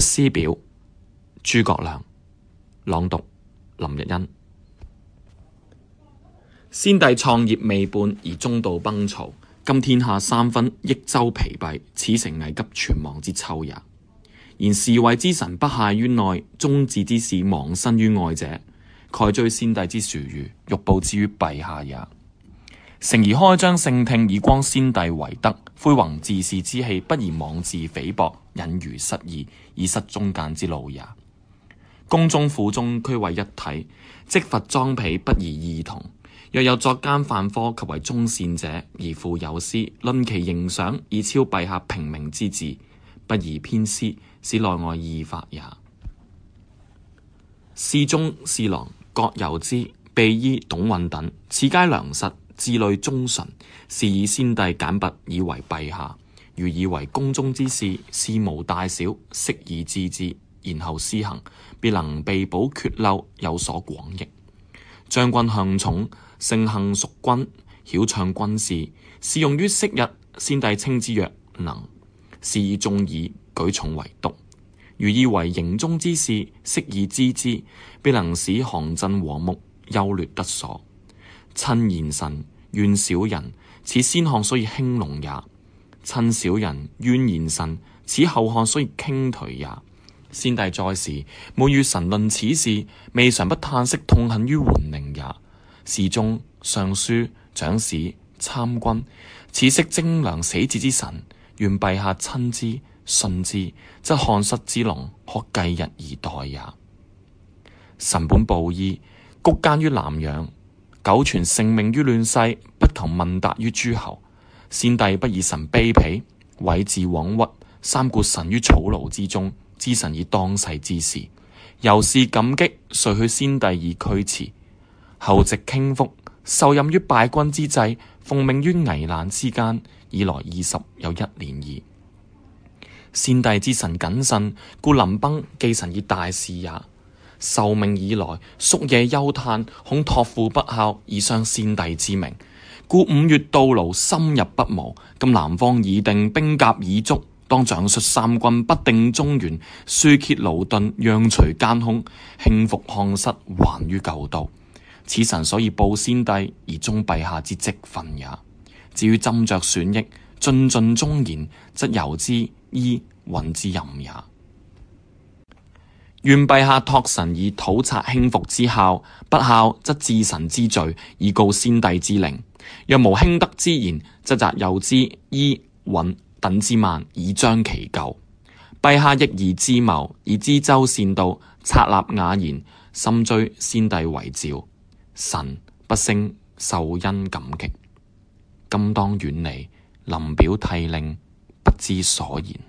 《出師表》，諸葛亮朗讀林日欣。先帝創業未半而中道崩殂，今天下三分，益州疲弊，此誠危急存亡之秋也。然侍衛之臣不懈於內，忠志之士忘身於外者，蓋追先帝之殊遇，欲報之於陛下也。誠而開張，聖聽以光先帝遺德；恢宏志士之氣，不宜妄自菲薄，引喻失義，以失忠諫之路也。宮中府中，俱為一體，陟罰臧否，不宜異同。若有作奸犯科及為忠善者，宜付有司，論其刑賞，以昭陛下平明之志，不宜偏私，使內外異法也。侍中、侍郎郭攸之、費禕、董允等，此皆良實。智慮忠純，是以先帝簡拔以為陛下。如以為宮中之事，事無大小，悉以咨之，然後施行，必能備補缺漏，有所廣益。將軍向寵，性行淑君，曉暢軍事，是用於昔日，先帝稱之曰能，是以眾議舉寵為督，如以為營中之事，悉以知之，必能使行陣和睦，優劣得所。親賢臣。遠小人，此先漢所以興隆也；親小人，遠賢臣，此後漢所以傾頹也。先帝在時，每與臣論此事，未嘗不嘆息痛恨於桓靈也。侍中、尚書、長史、參軍，此悉貞良死節之臣，願陛下親之信之，則漢室之隆，可計日而待也。臣本布衣，躬耕於南陽。苟存性命於亂世，不求問達於諸侯。先帝不以臣卑鄙，猥自枉屈，三顧臣於草廬之中，咨臣以當世之事。由是感激，遂許先帝以驅馳。後值傾覆，受任於敗軍之際，奉命於危難之間，以來二十有一年矣。先帝知臣謹慎，故臨崩寄臣以大事也。受命以來，夙夜憂嘆，恐託付不孝以傷先帝之名。故五月到瀘，深入不毛。今南方已定，兵甲已足，當獎率三軍，不定中原，輸揭勞頓，讓除奸凶，興復漢室，還於舊都。此臣所以報先帝而忠陛下之職分也。至於斟酌損益，進盡忠言，則由之依允之任也。願陛下託臣以討賊興復之效，不效則治臣之罪，以告先帝之靈。若無興德之言，則責攸之、禕、允等之慢，以彰其咎。陛下亦宜自謀，以諮諏善道，察納雅言，深追先帝遺詔。臣不勝受恩感激，今當遠離，臨表涕零，不知所言。